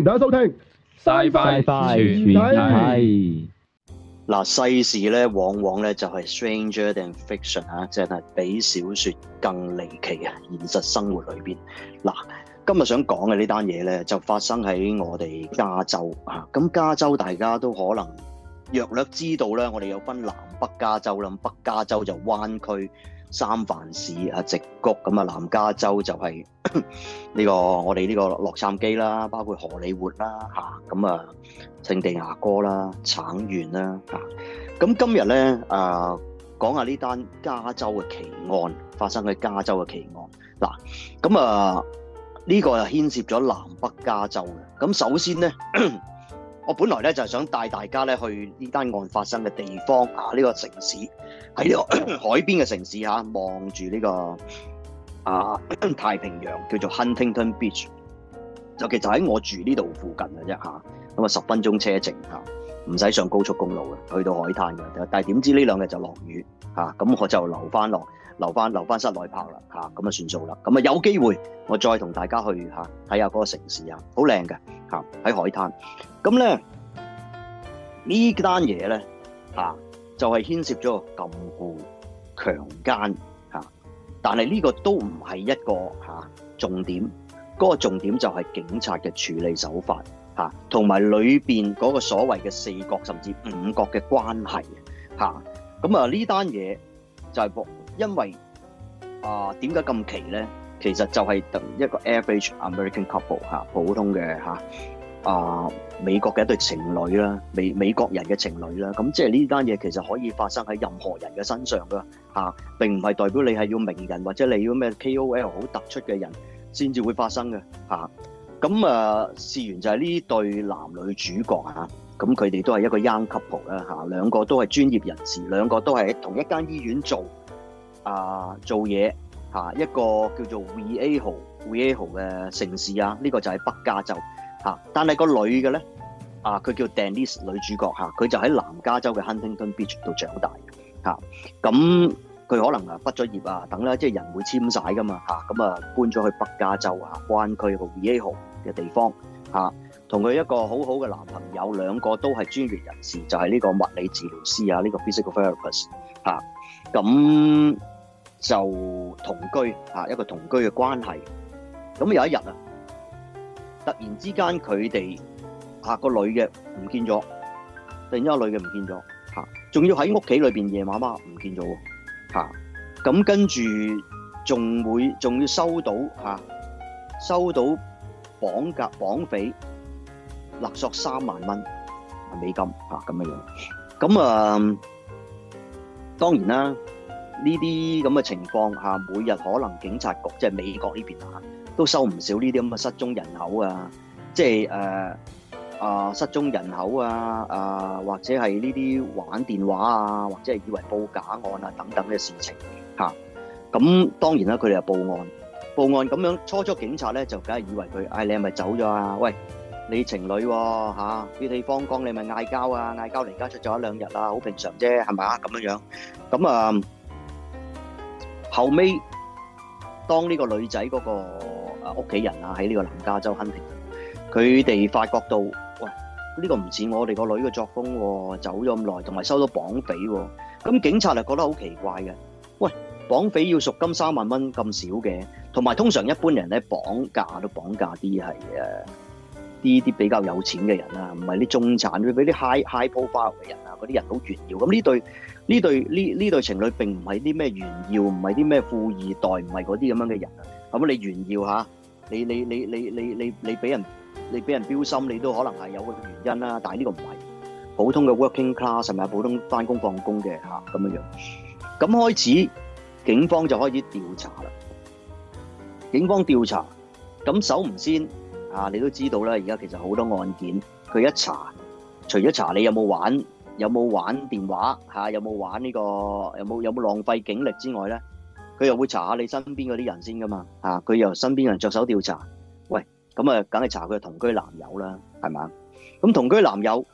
大家收聽，拜拜拜拜。嗱，世事咧，往往咧就係 stranger than fiction 啊，即係比小說更離奇嘅現實生活裏邊。嗱，今日想講嘅呢單嘢咧，就發生喺我哋加州啊。咁加州大家都可能約略知道咧，我哋有分南北加州啦，北加州就灣區。三藩市啊，矽谷咁啊，南加州就係呢個我哋呢個洛杉磯啦，包括荷里活啦嚇，咁啊聖地牙哥啦、橙縣啦嚇，咁今日咧啊講下呢單加州嘅奇案，發生喺加州嘅奇案。嗱，咁啊呢個又牽涉咗南北加州嘅，咁首先咧。我本來咧就係想帶大家咧去呢單案發生嘅地方啊，呢、呢個城市喺呢、呢個 海邊嘅城市啊，望住呢個啊太平洋，叫做 Huntington Beach，就其實就喺我住呢度附近嘅啫，吓，咁啊十分鐘車程啊唔使上高速公路嘅，去到海灘嘅。但係點知呢兩日就落雨嚇，咁、啊、我就留翻落，留翻留翻室內拍啦嚇，咁啊就算數啦。咁啊有機會我再同大家去嚇睇下嗰個城市很漂亮的啊，好靚嘅嚇，喺海灘。咁咧呢單嘢咧嚇就係、是、牽涉咗個禁錮強奸。嚇、啊，但係呢個都唔係一個嚇、啊、重點，嗰、那個重點就係警察嘅處理手法。嚇，同埋裏邊嗰個所謂嘅四角甚至五角嘅關係，咁啊呢單嘢就係因為啊點解咁奇咧？其實就係等一個 average American couple 嚇，普通嘅啊美國嘅、啊、一對情侶啦，美美國人嘅情侶啦，咁、啊、即係呢單嘢其實可以發生喺任何人嘅身上噶嚇、啊，並唔係代表你係要名人或者你要咩 KOL 好突出嘅人先至會發生嘅嚇。啊咁啊，事完就係呢對男女主角嚇，咁佢哋都係一個 young couple 啦、啊、兩個都係專業人士，兩個都係喺同一間醫院做啊做嘢嚇、啊，一個叫做 Vallejo Vallejo 嘅城市啊，呢、這個就係北加州嚇、啊，但係個女嘅咧啊，佢叫 Denise 女主角嚇，佢、啊、就喺南加州嘅 Huntington Beach 度長大嚇，咁、啊、佢、啊、可能啊畢咗業啊等啦，即、就、係、是、人會簽晒噶嘛嚇，咁啊，啊搬咗去北加州啊灣區個 Vallejo 嘅地方同佢、吓、一個好好嘅男朋友，兩個都係專業人士，就係、係、呢個物理治療師啊，呢、呢個 physical therapist 咁、吓、就同居、吓、一個同居嘅關係。咁有一日啊，突然之間佢哋啊個女嘅唔見咗，突然之間女嘅唔見咗仲、啊、要喺屋企裏面晚夜媽媽唔見咗喎，咁跟住仲會仲要收到、吓、收到。綁架綁匪勒索三萬蚊美金啊咁嘅樣，咁啊當然啦呢啲咁嘅情況下，每日可能警察局即係美國呢邊啊，都收唔少呢啲咁嘅失蹤人口啊，即係誒啊失蹤人口啊啊或者係呢啲玩電話啊或者係以為報假案啊等等嘅事情吓，咁當然啦，佢哋係報案。報案咁樣，初初警察咧就梗係以為佢，哎，你係咪走咗啊？喂，你情侶吓，啲地方講你係咪嗌交啊，嗌交離家出走一兩日啦，好平常啫，係咪啊？咁樣樣，咁啊，後尾當呢個女仔嗰個啊屋企人啊喺呢個南加州亨廷頓，佢哋發覺到，喂，呢個唔似我哋個女嘅作風，走咗咁耐，同埋收到綁匪，咁警察就覺得好奇怪嘅，喂。綁匪要贖金三萬蚊咁少嘅，同埋通常一般人咧綁架都綁架啲係誒呢啲比較有錢嘅人啊。唔係啲中產，佢俾啲 high high profile 嘅人啊，嗰啲人好炫耀咁。呢對呢對呢呢對情侶並唔係啲咩炫耀，唔係啲咩富二代，唔係嗰啲咁樣嘅人啊。咁你炫耀吓，你你你你你你你俾人你俾人標心，你都可能係有個原因啦，啊。但係呢個唔係普通嘅 working class，係咪普通返工放工嘅吓咁樣樣咁開始。警方就開始調查啦。警方調查，咁首唔先啊，你都知道啦。而家其實好多案件，佢一查，除咗查你有冇玩，有冇玩電話，嚇，啊，有冇玩呢個，有冇有冇浪費警力之外咧，佢又會查下你身邊嗰啲人先噶嘛，嚇，啊，佢又身邊人着手調查。喂，咁啊，梗係查佢同居男友啦，係咪？咁同居男友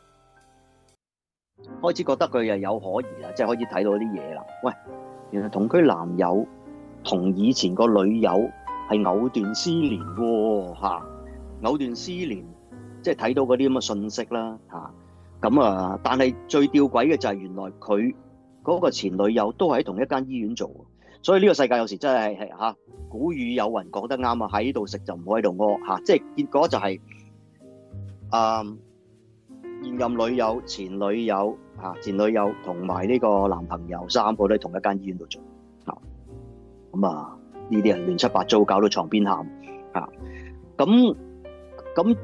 開始覺得佢又有可疑啦，即係開始睇到啲嘢啦。喂！原來同居男友同以前個女友係藕斷絲連喎，吓，藕斷絲連，即係睇到嗰啲咁嘅信息啦，吓咁啊！但係最吊詭嘅就係原來佢嗰個前女友都係喺同一間醫院做，所以呢個世界有時真係係吓，古語有云講得啱啊，喺度食就唔可喺度屙吓，即係結果就係，是，嗯、啊。現任女友，前女友、前女友同埋呢個男朋友，三個都同一間醫院度做。咁啊，呢啲人亂七八糟，搞到床邊喊咁。咁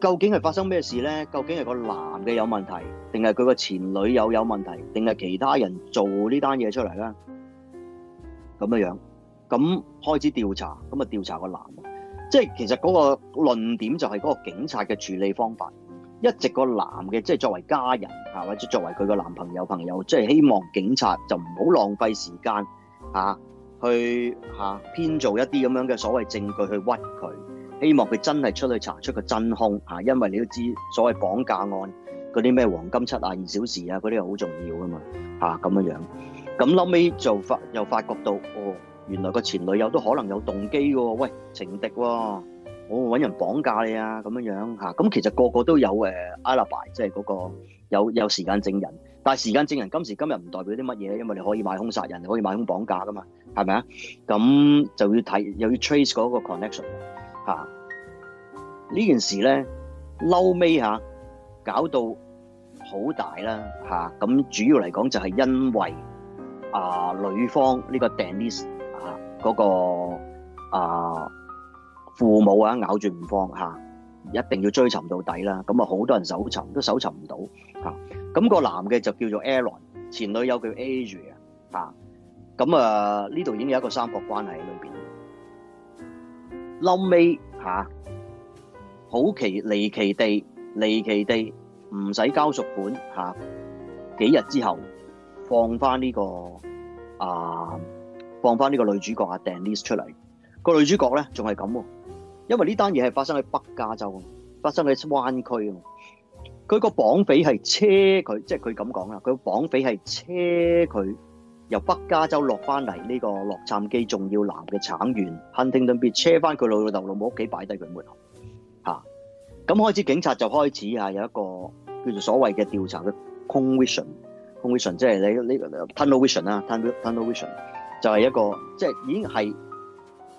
究竟係發生咩事咧？究竟係個男嘅有問題，定係佢個前女友有問題，定係其他人做呢單嘢出嚟咧？咁樣樣咁開始調查，咁啊，調查個男，即係其實嗰個論點就係嗰個警察嘅處理方法。一直個男嘅即係作為家人或者作為佢個男朋友朋友，即係希望警察就唔好浪費時間、啊、去嚇、啊、編造一啲咁樣嘅所謂證據去屈佢。希望佢真係出去查出個真兇、啊，因為你都知所謂綁架案嗰啲咩黃金七啊、二小時啊嗰啲好重要噶嘛嚇咁樣樣。咁後尾就發又發覺到哦，原來個前女友都可能有動機喎，喂情敵喎、啊。我揾人綁架你啊，咁樣樣嚇，咁、啊、其實個個都有 alibi，即係嗰個有有時間證人，但係時間證人今時今日唔代表啲乜嘢，因為你可以買兇殺人，你可以買兇綁架噶嘛，係咪啊？咁就要睇又要 trace 嗰個 connection 吓、啊、呢件事咧落尾嚇搞到好大啦嚇，咁、啊、主要嚟講就係因為啊女方呢、這個 Dennis 啊嗰啊。那個啊父母啊咬住唔放下，一定要追尋到底啦。咁啊，好多人搜尋都搜尋唔到嚇。咁個男嘅就叫做 Aaron，前女友叫 Asia 啊。咁啊，呢度已經有一個三角關係喺裏邊。後尾嚇，好奇離奇地，離奇地唔使交贖款嚇，幾日之後放翻呢個啊，放翻呢個女主角阿 Denise 出嚟。個女主角咧仲係咁喎。因為呢單嘢係發生喺北加州，發生喺灣區啊！佢個綁匪係車佢，即係佢咁講啦。佢綁匪係車佢由北加州落翻嚟呢個洛杉磯仲要南嘅橙縣 Huntington Beach，俾車翻佢老豆老母屋企擺低佢門口。嚇、啊。咁開始警察就開始嚇有一個叫做所謂嘅調查嘅 conviction conviction 即係你呢個 tunnel vision 啦、啊、tunnel vision 就係一個即係、就是、已經係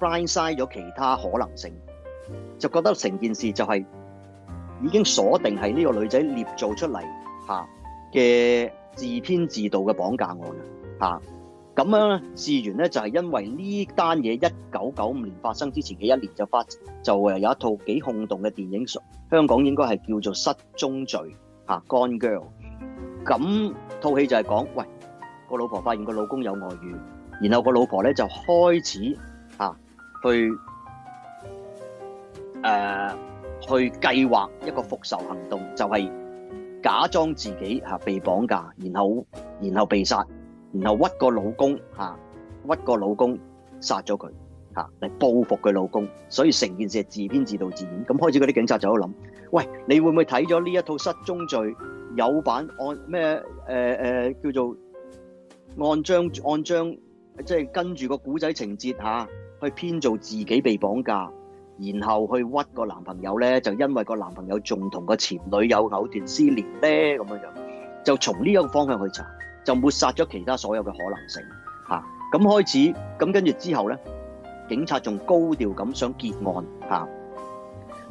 blind side 咗其他可能性。就覺得成件事就係已經鎖定係呢個女仔捏造出嚟吓嘅自編自導嘅綁架案啦吓咁樣呢？事緣呢就係、是、因為呢單嘢一九九五年發生之前嘅一年就發就誒有一套幾轟動嘅電影，香港應該係叫做《失蹤罪》吓、啊 Gone Girl。咁套戲就係講，喂個老婆發現個老公有外遇，然後個老婆咧就開始吓、啊、去。誒、呃，去計劃一個復仇行動，就係、是、假裝自己吓被綁架，然後然後被殺，然後屈個老公吓屈個老公殺咗佢吓嚟報復佢老公，所以成件事係自編自導自演。咁開始嗰啲警察就喺度諗，喂，你會唔會睇咗呢一套失蹤罪有版按咩？誒誒、呃呃，叫做按章按章，即、就、係、是、跟住個古仔情節吓、啊、去編造自己被綁架。然後去屈個男朋友咧，就因為個男朋友仲同個前女友藕斷絲連咧，咁樣樣就從呢一個方向去查，就抹殺咗其他所有嘅可能性嚇。咁開始咁跟住之後咧，警察仲高調咁想結案嚇，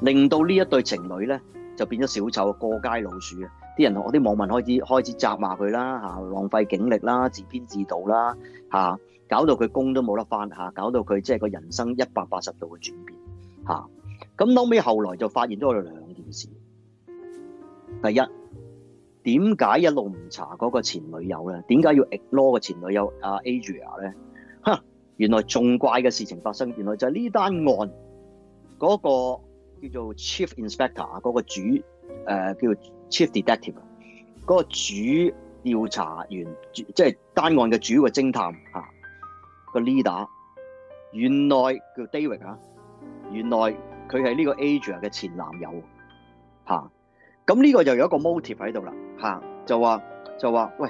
令到呢一對情侶咧就變咗小丑過街老鼠啊！啲人同我啲網民開始開始責罵佢啦嚇，浪費警力啦，自編自導啦嚇，搞到佢工都冇得翻嚇，搞到佢即係個人生一百八十度嘅轉變。吓、啊，咁後尾後來就發現咗兩件事。第一，點解一路唔查嗰個前女友咧？點解要 ignore 個前女友阿 Adria 咧？吓、啊，原來仲怪嘅事情發生，原來就係呢單案嗰、那個叫做 Chief Inspector 嗰個主誒、呃，叫 Chief Detective 嗰個主調查員，即係、就是、單案嘅主要嘅偵探啊、那個 Leader，原來叫 David 啊。原來佢係呢個 agent 嘅前男友，嚇咁呢個又有一個 motive 喺度啦，嚇、啊、就話就話喂，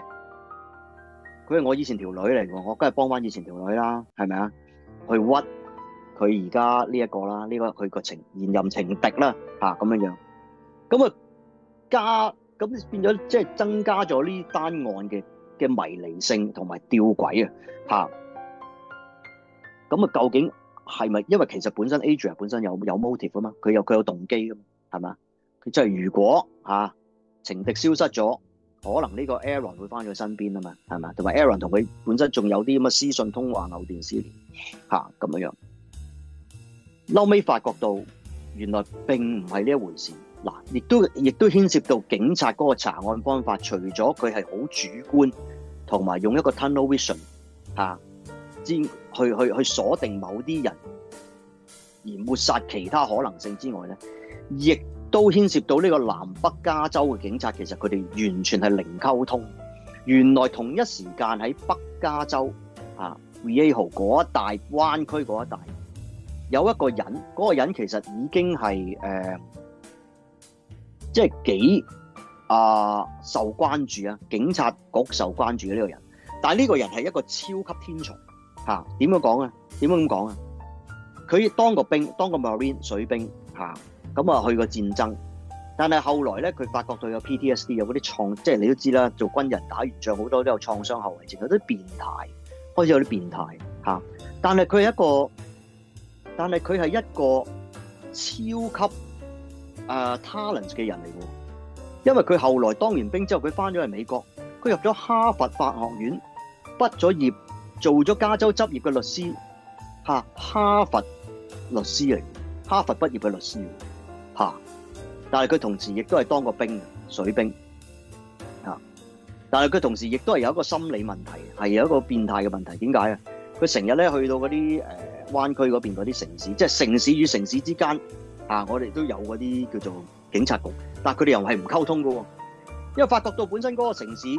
佢係我以前條女嚟喎，我梗係幫翻以前條女啦，係咪啊？去屈佢而家呢一個啦，呢個佢個情現任情敵啦，嚇咁樣樣，咁啊加咁變咗即係增加咗呢單案嘅嘅迷離性同埋吊詭啊，嚇咁啊究竟？係咪？因為其實本身 Adrian 本身有有 motive 啊嘛，佢有佢有動機啊嘛，係嘛？佢即係如果吓、啊、情敵消失咗，可能呢個 Aaron 會翻咗佢身邊啊嘛，係嘛？同埋 Aaron 同佢本身仲有啲咁嘅私信通話藕斷絲連吓咁樣樣，後尾發覺到原來並唔係呢一回事嗱，亦、啊、都亦都牽涉到警察嗰個查案方法，除咗佢係好主觀，同埋用一個 tunnel vision 吓、啊，知。去去去鎖定某啲人，而抹殺其他可能性之外咧，亦都牽涉到呢個南北加州嘅警察，其實佢哋完全係零溝通。原來同一時間喺北加州啊，Vallejo 嗰一帶灣區嗰一帶，有一個人，嗰、那個人其實已經係誒，即係幾啊受關注啊，警察局受關注嘅呢個人，但係呢個人係一個超級天才。嚇，點樣講啊？點樣咁講啊？佢當過兵，當過 Marine 水兵吓，咁啊去過戰爭。但係後來咧，佢發覺到有 PTSD，有嗰啲創，即係你都知啦，做軍人打完仗好多都有創傷後遺症，有啲變態，開始有啲變態吓、啊。但係佢係一個，但係佢係一個超級誒、uh, talent 嘅人嚟嘅，因為佢後來當完兵之後，佢翻咗去美國，佢入咗哈佛法學院，畢咗業了。做咗加州執業嘅律師，吓哈佛律師嚟，哈佛畢業嘅律師，吓，但係佢同時亦都係當過兵，水兵，吓，但係佢同時亦都係有一個心理問題，係有一個變態嘅問題，點解啊？佢成日咧去到嗰啲誒灣區嗰邊嗰啲城市，即係城市與城市之間啊，我哋都有嗰啲叫做警察局，但係佢哋又係唔溝通嘅喎。因為發覺到本身嗰個城市已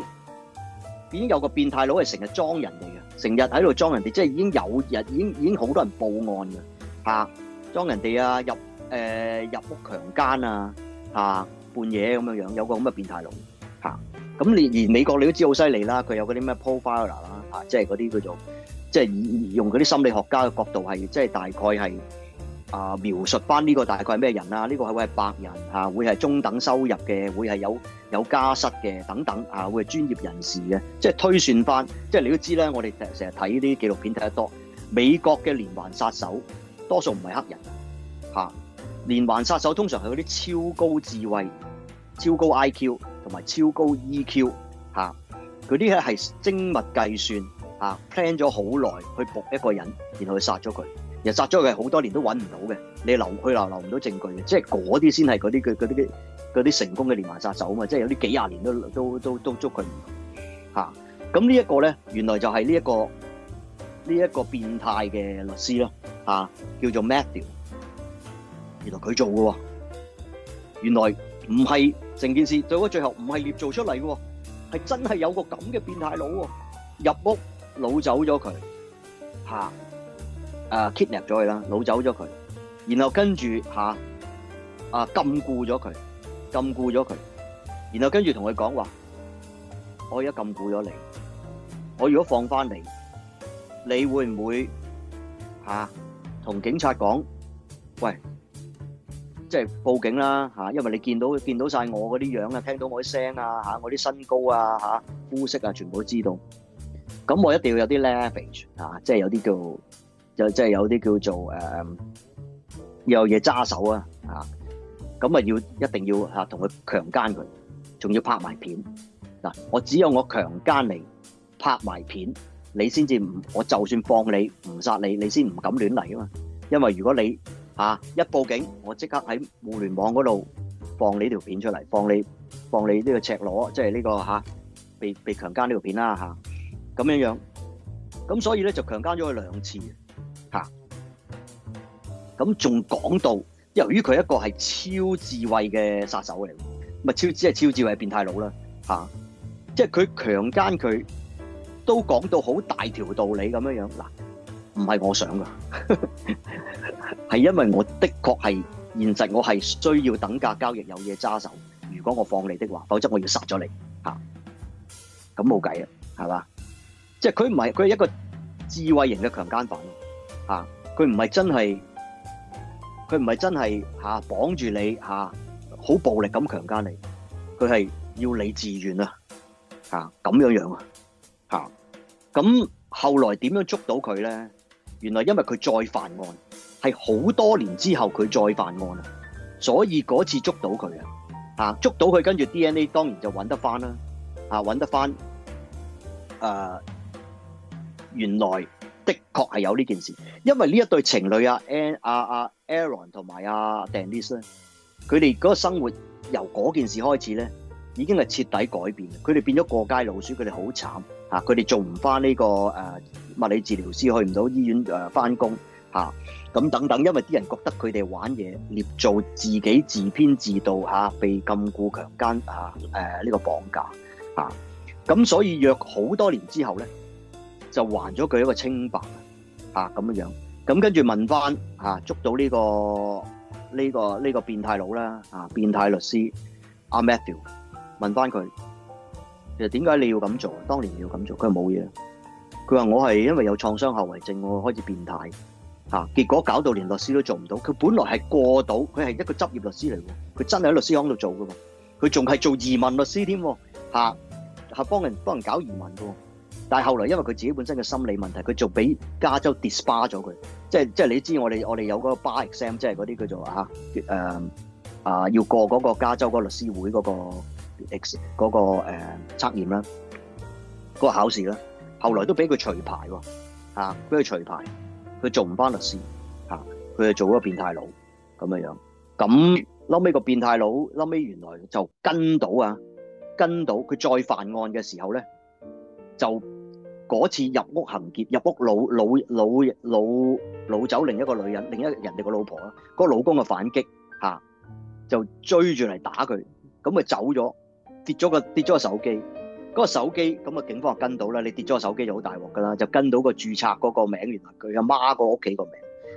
經有個變態佬係成日裝人嚟嘅。成日喺度裝人哋，即係已經有人，已經已經好多人報案㗎嚇、啊，裝人哋啊入誒、呃、入屋強姦啊嚇、啊，半夜咁樣樣，有個咁嘅變態佬嚇。咁、啊、你而美國你都知好犀利啦，佢有嗰啲咩 profile 啦、啊、嚇，即係嗰啲叫做即係以用嗰啲心理學家嘅角度係即係大概係。啊，描述翻呢個大概係咩人啊？呢、呢個會係白人啊，會係中等收入嘅，會係有有家室嘅等等啊，會係專業人士嘅，即係推算翻。即係你都知咧，我哋成日睇呢啲紀錄片睇得多，美國嘅連環殺手多數唔係黑人吓、啊、連環殺手通常係嗰啲超高智慧、超高 IQ 同埋超高 EQ 吓佢啲咧係精密計算嚇、啊、plan 咗好耐去撲一個人，然後去殺咗佢。又殺咗佢好多年都揾唔到嘅，你留佢留留唔到證據嘅，即係嗰啲先係嗰啲嘅嗰啲啲嗰啲成功嘅連環殺手啊嘛，即係有啲幾廿年都都都都捉佢唔到，吓咁呢一個咧，原來就係呢一個呢一個變態嘅律師咯，吓叫做 Matthew，原來佢做嘅，原來唔係成件事到咗最後唔係捏造出嚟嘅，係真係有個咁嘅變態佬喎，入屋擄走咗佢，吓。啊，kidnap 咗佢啦，擄走咗佢，然後跟住吓，啊，禁錮咗佢，禁錮咗佢，然後跟住同佢講話，我而家禁錮咗你，我如果放翻你，你會唔會吓同警察講，喂，即係報警啦吓，因為你見到見到晒我嗰啲樣啊，聽到我啲聲啊吓，我啲身高啊吓，膚色啊全部都知道，咁我一定要有啲 leverage 吓，即係有啲叫。就即係有啲叫做誒、嗯、有嘢揸手啊，啊咁啊要一定要同佢強奸佢，仲要拍埋片嗱、啊，我只有我強奸你拍埋片，你先至唔我就算放你唔殺你，你先唔敢亂嚟啊嘛，因為如果你、啊、一報警，我即刻喺互聯網嗰度放你條片出嚟，放你放你呢個赤裸，即係呢、個、啊、被被強奸呢條片啦嚇，咁、啊、樣樣，咁所以咧就強奸咗佢兩次。吓、啊，咁仲講到，由於佢一個係超智慧嘅殺手嚟，咪超即係超智慧變態佬啦，吓、啊，即係佢強姦佢都講到好大條道理咁樣樣，嗱、啊，唔係我想噶，係因為我的確係現實，我係需要等價交易，有嘢揸手，如果我放你的話，否則我要殺咗你，吓、啊，咁冇計啦，係嘛，即係佢唔係佢係一個智慧型嘅強姦犯。吓，佢唔係真係，佢唔係真係吓綁住你吓，好暴力咁強姦你，佢係要你自願啊，吓咁樣樣啊，吓咁後來點樣捉到佢咧？原來因為佢再犯案，係好多年之後佢再犯案啊，所以嗰次捉到佢啊，吓捉到佢跟住 DNA 當然就揾得翻啦，吓揾得翻，誒原來。的確係有呢件事，因為呢一對情侶啊 Anne 啊 Aaron 同埋啊 Denise 咧，佢哋嗰個生活由嗰件事開始咧，已經係徹底改變。佢哋變咗過街老鼠，佢哋好慘吓，佢哋做唔翻呢個誒、啊、物理治療師，去唔到醫院誒翻工吓，咁、啊啊、等等，因為啲人覺得佢哋玩嘢、捏造、自己自編自導吓、啊，被禁錮、強姦啊誒呢、啊這個綁架吓，咁、啊啊、所以約好多年之後咧。就還咗佢一個清白啊！咁樣樣，咁跟住問翻嚇，捉到呢個呢個呢個變態佬啦，啊，變態律師阿 Matthew，問翻佢，其實點解你要咁做？當年你要咁做？佢冇嘢。佢話我係因為有創傷後遺症，我開始變態嚇，結果搞到連律師都做唔到。佢本來係過到，佢係一個執業律師嚟喎，佢真係喺律師行度做噶喎，佢仲係做移民律師添嚇嚇，係幫人幫人搞移民噶。但係後來因為佢自己本身嘅心理問題，佢就俾加州 d i s b 咗佢，即係即係你知我哋我哋有嗰個 bar exam，即係嗰啲叫做嚇誒啊，要過嗰個加州嗰個律師會嗰、那個 ex 嗰、那個誒、呃、測驗啦，嗰、那個考試啦。後來都俾佢除牌喎，嚇俾佢除牌，佢、啊、做唔翻律師嚇，佢、啊、就做咗個變態佬咁嘅樣。咁嬲尾個變態佬嬲尾原來就跟到啊，跟到佢再犯案嘅時候咧就。嗰次入屋行劫，入屋老老老老老走另一個女人，另一個人哋個老婆啦，個老公嘅反擊嚇、啊，就追住嚟打佢，咁咪走咗，跌咗個跌咗個手機，嗰、個手機咁啊，警方就跟到啦，你跌咗個手機就好大鑊噶啦，就跟到個註冊嗰個名，原來佢阿媽個屋企個名，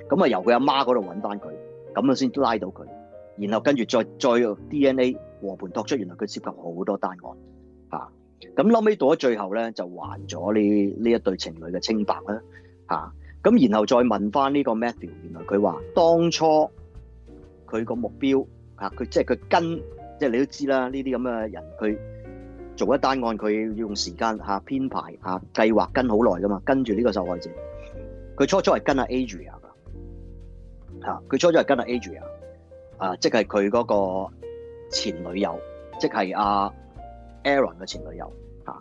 咁啊由佢阿媽嗰度揾翻佢，咁啊先拉到佢，然後跟住再再有 DNA 和盤託出，原來佢涉及好多單案。咁諗尾到咗最後咧，就還咗呢呢一對情侶嘅清白啦，吓、啊、咁然後再問翻呢個 Matthew，原來佢話當初佢個目標吓佢、啊、即係佢跟即係你都知啦，呢啲咁嘅人佢做一單案，佢要用時間吓，編排吓計劃，跟好耐噶嘛，跟住呢個受害者，佢初初係跟阿 Adria 噶吓，佢、啊、初初係跟阿 Adria 啊，即係佢嗰個前女友，即係阿、啊。Aaron 嘅前女友嚇，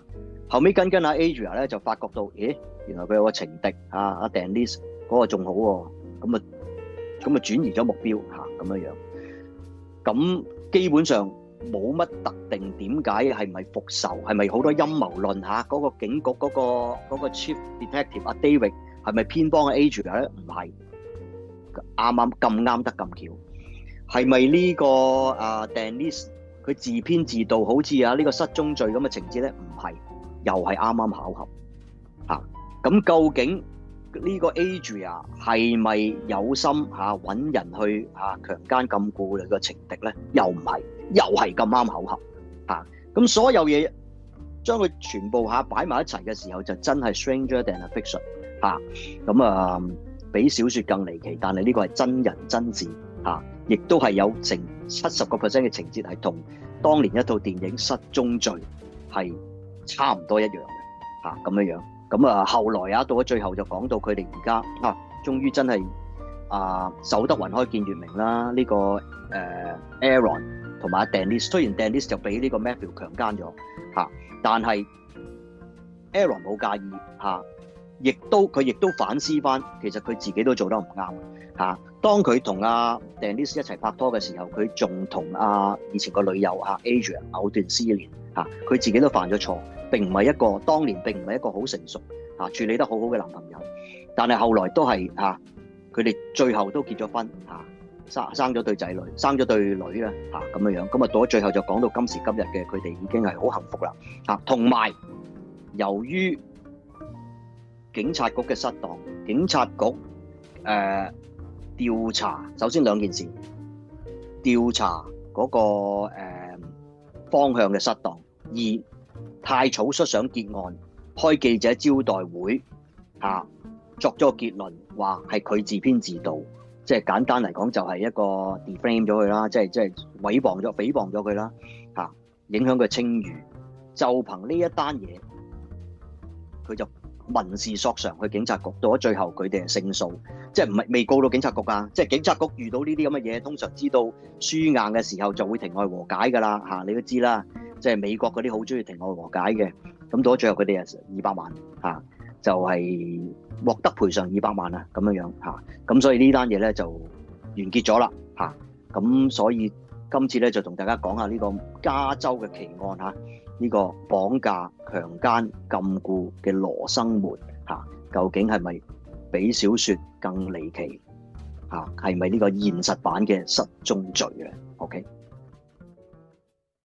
後尾跟跟阿 Adria 咧就發覺到，咦原來佢有個情敵嚇，阿 Danis 嗰個仲好喎，咁啊咁啊轉移咗目標嚇，咁樣樣，咁基本上冇乜特定點解係咪復仇，係咪好多陰謀論嚇？嗰個警局嗰個嗰個 Chief Detective 阿 David 係咪偏幫阿 Adria 咧？唔係，啱啱咁啱得咁巧，係咪呢個阿 Danis？佢自編自導，好似啊呢個失蹤罪咁嘅情節咧，唔係，又係啱啱巧合咁、啊、究竟呢個 Adrian 係咪有心嚇、啊、揾人去嚇、啊、強姦禁錮女嘅情敵咧？又唔係，又係咁啱巧合咁、啊、所有嘢將佢全部嚇擺埋一齊嘅時候，就真係 stranger than fiction 咁啊，啊，比小說更離奇，但係呢個係真人真事、啊亦都係有成七十個 percent 嘅情節係同當年一套電影《失蹤罪》係差唔多一樣嘅嚇，咁樣樣，咁啊後來啊到咗最後就講到佢哋而家啊，終於真係啊守得雲開見月明啦！呢、這個誒、啊、Aaron 同埋 Denise 雖然 Denise 就俾呢個 Matthew 強姦咗嚇、啊，但係 Aaron 冇介意嚇，亦、啊、都佢亦都反思翻，其實佢自己都做得唔啱嚇。啊。當佢同阿 Denise 一齊拍拖嘅時候，佢仲同阿以前個女友阿 Andrea 藕斷絲連嚇，佢自己都犯咗錯，並唔係一個當年並唔係一個好成熟嚇處理得好好嘅男朋友。但係後來都係嚇，佢哋最後都結咗婚嚇，生生咗對仔女，生咗對女啦嚇咁樣樣。咁啊到咗最後就講到今時今日嘅佢哋已經係好幸福啦嚇，同埋由於警察局嘅失當，警察局誒。調查首先兩件事，調查嗰、那個、嗯、方向嘅失當，二太草率想結案，開記者招待會嚇、啊，作咗個結論話係佢自編自導，即係簡單嚟講就係一個 defame 咗佢啦，即係即係毀謗咗、詆譭咗佢啦嚇，影響佢清譽。就憑呢一單嘢，佢就民事索償去警察局，到咗最後佢哋係勝訴。即係唔係未告到警察局啊？即係警察局遇到呢啲咁嘅嘢，通常知道輸硬嘅時候就會庭外和解㗎啦嚇，你都知啦。即係美國嗰啲好中意庭外和解嘅，咁到咗最後佢哋啊二百萬嚇，就係、是、獲得賠償二百萬這啊咁樣樣嚇，咁所以這件事呢單嘢咧就完結咗啦嚇。咁、啊、所以今次咧就同大家講下呢個加州嘅奇案嚇，呢、啊這個綁架強姦禁錮嘅羅生門嚇、啊，究竟係咪？比小說更離奇啊，係咪呢個現實版嘅失蹤罪呢？OK。